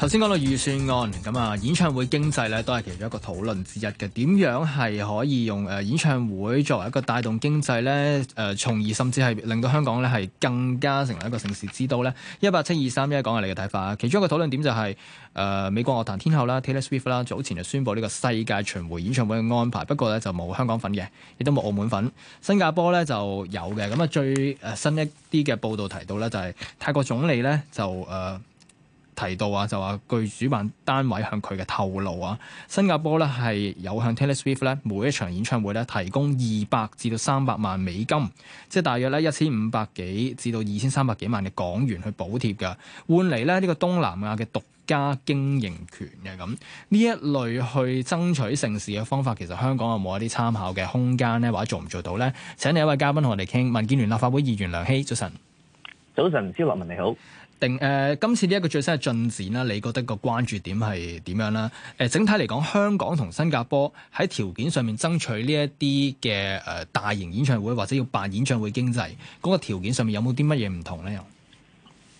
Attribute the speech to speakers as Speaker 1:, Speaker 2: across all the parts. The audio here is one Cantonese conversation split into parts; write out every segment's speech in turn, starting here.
Speaker 1: 頭先講到預算案，咁啊演唱會經濟咧都係其中一個討論之一嘅。點樣係可以用誒、呃、演唱會作為一個帶動經濟咧？誒、呃，從而甚至係令到香港咧係更加成為一個城市之都咧？一八七二三一講下你嘅睇法啊。其中一個討論點就係、是、誒、呃、美國樂壇天后啦 Taylor Swift 啦，早前就宣布呢個世界巡迴演唱會嘅安排，不過咧就冇香港份嘅，亦都冇澳門份。新加坡咧就有嘅。咁啊最誒、呃、新一啲嘅報道提到咧，就係、是、泰國總理咧就誒、呃提到啊，就話據主辦單位向佢嘅透露啊，新加坡咧係有向 Taylor Swift 咧每一場演唱會咧提供二百至到三百萬美金，即係大約咧一千五百幾至到二千三百幾萬嘅港元去補貼嘅，換嚟咧呢個東南亞嘅獨家經營權嘅咁呢一類去爭取城市嘅方法，其實香港有冇一啲參考嘅空間咧，或者做唔做到咧？請另一位嘉賓同我哋傾，民建聯立法會議員梁熙，早晨。早晨，肖立文你好。定、呃、今次呢一個最新嘅進展啦，你覺得個關注點係點樣啦、呃？整體嚟講，香港同新加坡喺條件上面爭取呢一啲嘅呃、大型演唱會或者要辦演唱會經濟嗰、那個條件上面有冇啲乜嘢唔同咧？又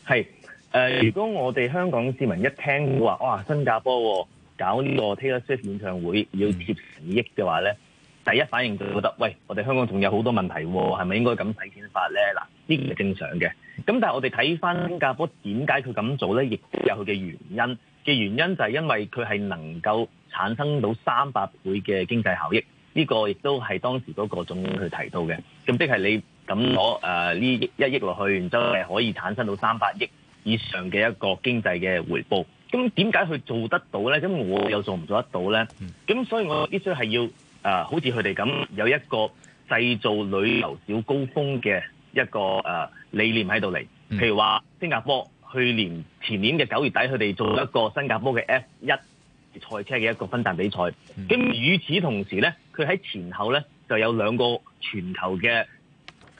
Speaker 1: 係、
Speaker 2: 呃、如果我哋香港市民一聽話哇，新加坡、啊、搞呢個 Taylor Swift 演唱會要貼十億嘅話咧？第一反應就覺得，喂，我哋香港仲有好多問題喎，係咪應該咁睇先法咧？嗱，呢個係正常嘅。咁但係我哋睇翻新加坡點解佢咁做咧？亦都有佢嘅原因。嘅原因就係因為佢係能夠產生到三百倍嘅經濟效益。呢個亦都係當時嗰個總去提到嘅。咁即係你咁攞誒呢一億落去，然之後係可以產生到三百億以上嘅一個經濟嘅回報。咁點解佢做得到咧？咁我又做唔做得到咧？咁所以我必須係要。啊、呃，好似佢哋咁，有一個製造旅遊小高峰嘅一個誒、呃、理念喺度嚟。譬如話新加坡去年前年嘅九月底，佢哋做咗一個新加坡嘅 F 一賽車嘅一個分站比賽。咁、嗯、與此同時呢，佢喺前後呢就有兩個全球嘅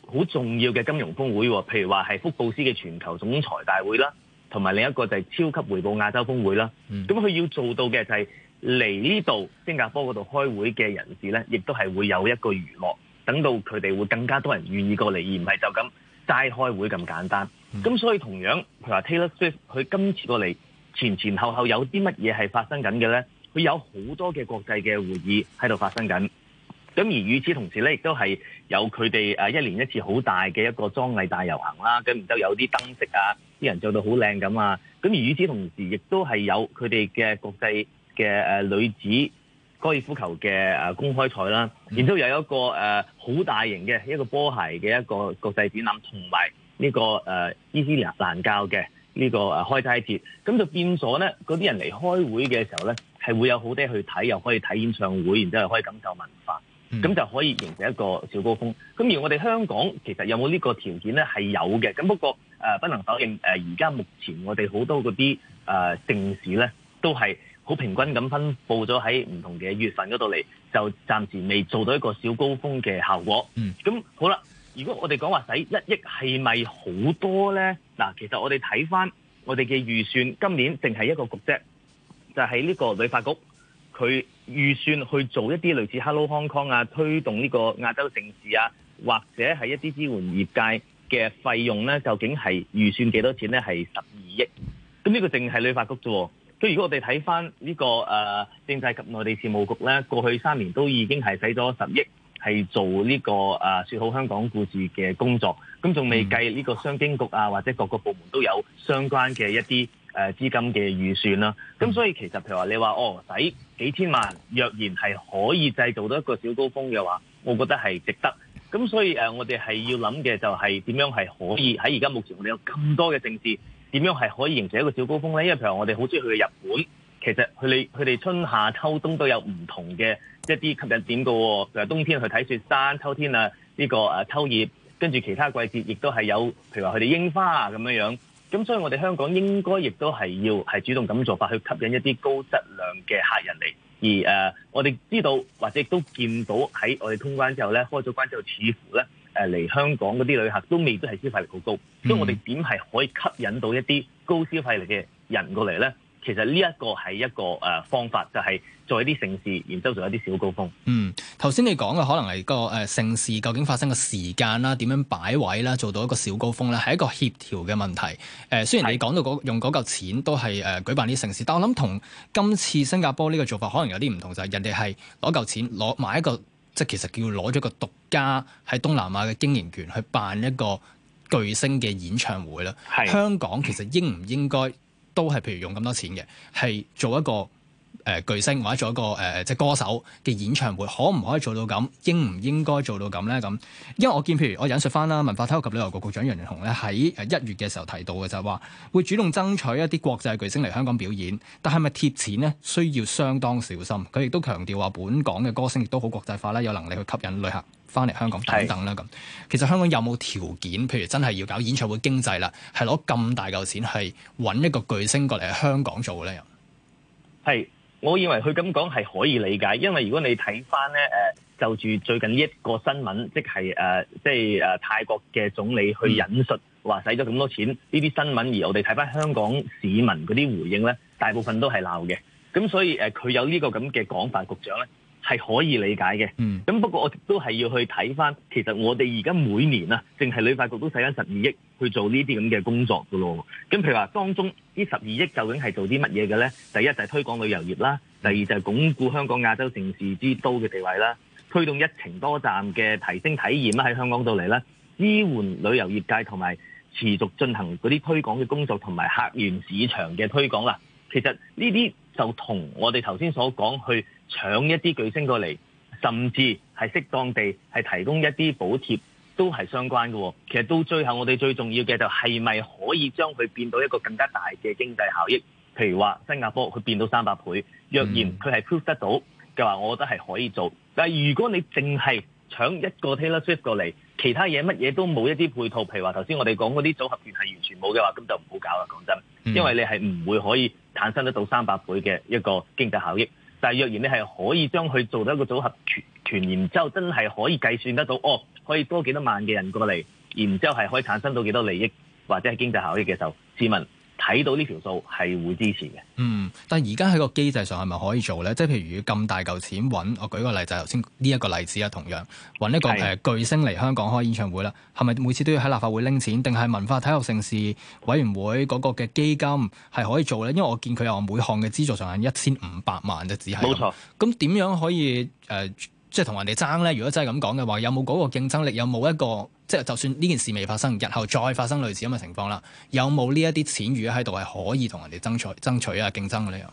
Speaker 2: 好重要嘅金融峰會，譬如話係福布斯嘅全球總裁大會啦，同埋另一個就係超級回報亞洲峰會啦。咁、嗯、佢要做到嘅就係、是。嚟呢度新加坡嗰度開會嘅人士咧，亦都係會有一個娛樂，等到佢哋會更加多人願意過嚟，而唔係就咁齋開會咁簡單，咁所以同樣譬如話 Taylor Swift，佢今次過嚟前前後後有啲乜嘢係發生緊嘅咧？佢有好多嘅國際嘅會議喺度發生緊。咁而與此同時咧，亦都係有佢哋誒一年一次好大嘅一個妝藝大遊行啦。咁唔都有啲燈飾啊，啲人做到好靚咁啊。咁而與此同時亦都係有佢哋嘅國際嘅誒女子高爾夫球嘅誒公開賽啦、嗯，然之後有一個誒好大型嘅一個波鞋嘅一個國際展覽，同埋呢個誒伊斯蘭教嘅呢個誒開齋節，咁、嗯、就變咗咧，嗰啲人嚟開會嘅時候咧，係會有好多去睇，又可以睇演唱會，然之後可以感受文化，咁、嗯、就可以形成一個小高峰。咁而我哋香港其實有冇呢個條件咧？係有嘅。咁不過誒、呃，不能否認誒，而、呃、家目前我哋好多嗰啲誒政事咧，都係。好平均咁分布咗喺唔同嘅月份嗰度嚟，就暫時未做到一個小高峰嘅效果。咁、嗯、好啦，如果我哋講話使一億係咪好多呢？嗱，其實我哋睇翻我哋嘅預算，今年淨係一個局啫，就係、是、呢個旅法局佢預算去做一啲類似 Hello Hong Kong 啊，推動呢個亞洲城市啊，或者係一啲支援業界嘅費用呢，究竟係預算幾多少錢呢？係十二億，咁呢個淨係旅發局啫喎。如果我哋睇翻呢個誒、啊、政制及內地事務局咧，過去三年都已經係使咗十億係做呢個誒、啊、説好香港故事嘅工作，咁仲未計呢個商經局啊，或者各個部門都有相關嘅一啲誒資金嘅預算啦、啊。咁所以其實譬如話你話哦，使幾千萬，若然係可以製造到一個小高峰嘅話，我覺得係值得。咁所以、啊、我哋係要諗嘅就係點樣係可以喺而家目前我哋有咁多嘅政治。點樣係可以形成一個小高峰咧？因為譬如我哋好中意去日本，其實佢哋佢哋春夏秋冬都有唔同嘅一啲吸引點嘅喎。譬如冬天去睇雪山，秋天啊，呢個秋葉，跟住其他季節亦都係有，譬如話佢哋櫻花咁樣樣。咁所以我哋香港應該亦都係要係主動咁做法去吸引一啲高質量嘅客人嚟。而誒，我哋知道或者亦都見到喺我哋通關之後咧，開咗關之後似乎咧。誒嚟香港嗰啲旅客都未必係消費力好高、嗯，所以我哋點係可以吸引到一啲高消費力嘅人過嚟咧？其實呢一個係一個誒方法，就係、是、做一啲盛事然之後做一啲小高峰。
Speaker 1: 嗯，頭先你講嘅可能係、那個誒盛事，呃、究竟發生嘅時間啦、點樣擺位啦，做到一個小高峰咧，係一個協調嘅問題、呃。雖然你講到嗰用嗰嚿錢都係、呃、舉辦辦啲盛事，但我諗同今次新加坡呢個做法可能有啲唔同，就係、是、人哋係攞嚿錢，攞埋一個。即係其實叫攞咗個獨家喺東南亞嘅經營權去辦一個巨星嘅演唱會啦。香港其實應唔應該都係譬如用咁多錢嘅，係做一個？呃、巨星或者做一個誒、呃、即歌手嘅演唱會，可唔可以做到咁？應唔應該做到咁呢？咁因為我見譬如我引述翻啦，文化體育及旅遊局局長楊潤雄咧喺一月嘅時候提到嘅就係話，會主動爭取一啲國際巨星嚟香港表演，但係咪貼錢呢？需要相當小心。佢亦都強調話，本港嘅歌星亦都好國際化啦，有能力去吸引旅客翻嚟香港等等啦。咁其實香港有冇條件？譬如真係要搞演唱會經濟啦，係攞咁大嚿錢係揾一個巨星過嚟香港做呢？又
Speaker 2: 係。我以為佢咁講係可以理解，因為如果你睇翻咧，就住最近一個新聞，即係、呃、即係誒、呃、泰國嘅總理去引述話使咗咁多錢呢啲新聞，而我哋睇翻香港市民嗰啲回應咧，大部分都係鬧嘅。咁所以誒，佢、呃、有呢、這個咁嘅廣泛局長咧。係可以理解嘅，咁不過我都係要去睇返。其實我哋而家每年啊，淨係旅發局都使緊十二億去做呢啲咁嘅工作㗎咯。咁譬如話，當中呢十二億究竟係做啲乜嘢嘅呢？第一就係推廣旅遊業啦，第二就係鞏固香港亞洲城市之都嘅地位啦，推動一程多站嘅提升體驗啦，喺香港度嚟啦，支援旅遊業界同埋持續進行嗰啲推廣嘅工作同埋客源市場嘅推廣啦。其實呢啲就同我哋頭先所講去。搶一啲巨星過嚟，甚至係適當地係提供一啲補貼，都係相關嘅。其實到最後我哋最重要嘅就係咪可以將佢變到一個更加大嘅經濟效益？譬如話新加坡佢變到三百倍，若然佢係 prove 得到嘅話，我覺得係可以做。但係如果你淨係搶一個 Taylor Swift 過嚟，其他嘢乜嘢都冇一啲配套，譬如話頭先我哋講嗰啲組合券係完全冇嘅話，咁就唔好搞啦。講真，因為你係唔會可以產生得到三百倍嘅一個經濟效益。但若然你係可以將佢做到一個組合權權，然之後真係可以計算得到，哦，可以多幾多萬嘅人過嚟，然之後係可以產生到幾多利益或者係經濟效益嘅時候，市民，睇到呢條
Speaker 1: 數係會支持嘅。嗯，但而家喺個機制上係咪可以做呢？即係譬如咁大嚿錢揾，我舉個例就頭先呢一個例子啊，同樣揾一個巨星嚟香港開演唱會啦，係咪每次都要喺立法會拎錢，定係文化體育盛事委員會嗰個嘅基金係可以做呢？因為我見佢有每項嘅資助上限一千五百萬就只係。冇錯。咁點樣可以、呃即係同人哋爭咧，如果真係咁講嘅話，有冇嗰個競爭力？有冇一個即係，就算呢件事未發生，日後再發生類似咁嘅情況啦，有冇呢一啲錢餘喺度係可以同人哋爭取、爭取啊競爭嘅呢？又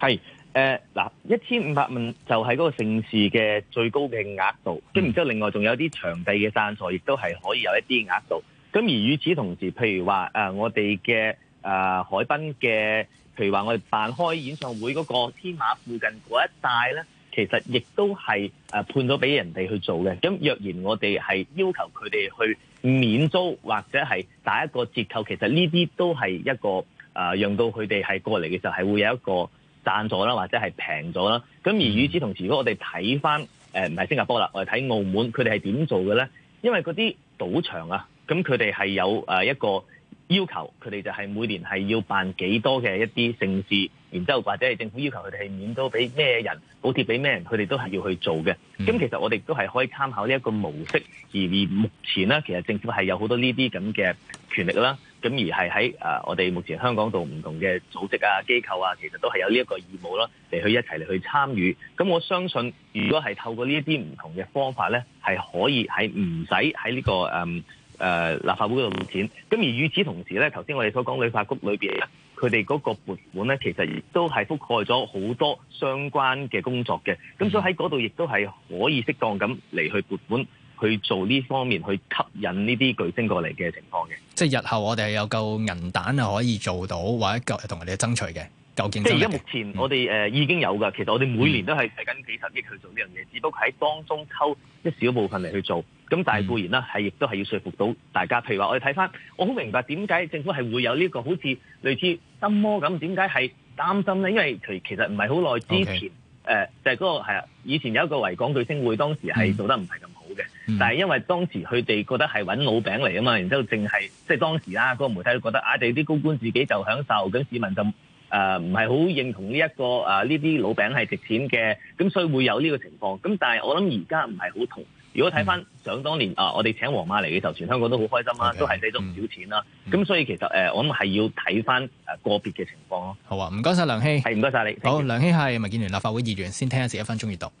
Speaker 1: 係誒嗱，一
Speaker 2: 千五百萬就係嗰個盛事嘅最高嘅額度，跟住之後，另外仲有啲場地嘅贊助，亦都係可以有一啲額度。咁而與此同時，譬如話誒、呃、我哋嘅誒海濱嘅，譬如話我哋辦開演唱會嗰個天馬附近嗰一帶咧。其實亦都係判咗俾人哋去做嘅，咁若然我哋係要求佢哋去免租或者係打一個折扣，其實呢啲都係一個誒，讓到佢哋係過嚟嘅時候係會有一個贊助啦，或者係平咗啦。咁而與此同時，如果我哋睇翻誒唔係新加坡啦，我哋睇澳門，佢哋係點做嘅咧？因為嗰啲賭場啊，咁佢哋係有一個要求，佢哋就係每年係要辦幾多嘅一啲盛事。然之後，或者係政府要求佢哋係免都俾咩人補貼俾咩人，佢哋都係要去做嘅。咁其實我哋都係可以參考呢一個模式，而而目前呢，其實政府係有好多呢啲咁嘅權力啦。咁而係喺啊，我哋目前香港度唔同嘅組織啊、機構啊，其實都係有呢一個義務啦，嚟去一齊嚟去參與。咁我相信，如果係透過呢一啲唔同嘅方法咧，係可以喺唔使喺呢個誒誒、嗯呃、立法會度攞錢。咁而與此同時咧，頭先我哋所講旅發局裏邊。佢哋嗰個撥款咧，其實亦都係覆蓋咗好多相關嘅工作嘅。咁所以喺嗰度亦都係可以適當咁嚟去撥款去做呢方面，去吸引呢啲巨星過嚟嘅情況嘅。
Speaker 1: 即係日後我哋有夠銀彈啊，可以做到或者夠同人哋爭取嘅。究竟即係而家目
Speaker 2: 前我哋誒、嗯呃、已經有㗎。其實我哋每年都係使緊幾十億去做呢樣嘢，嗯、只不過喺當中抽一小部分嚟去做。咁、嗯、但係固然啦，係亦都係要說服到大家。譬如話，我哋睇翻，我好明白點解政府係會有呢、這個好似類似心魔咁，點解係擔心咧？因為其其實唔係好耐之前，誒、okay. 呃、就係、是、嗰、那個係啊。以前有一個維港巨星匯，當時係做得唔係咁好嘅、嗯，但係因為當時佢哋覺得係揾老餅嚟啊嘛，然之後淨係即係當時啦，個媒體都覺得啊，你啲高官自己就享受，咁市民就誒唔係好認同呢、這、一個啊呢啲老餅係值錢嘅，咁所以會有呢個情況。咁但係我諗而家唔係好同。如果睇翻想當年、嗯、啊，我哋請皇馬嚟嘅時候，全香港都好開心啦、啊，okay, 都係畀咗唔少錢啦、啊。咁、嗯、所以其實誒、呃，我諗係要睇翻誒個別嘅情況咯、啊。好啊，
Speaker 1: 唔該晒梁熙，係唔該晒你。好，謝謝梁熙係民建聯立法會議員，先聽一次，一分鐘閱讀。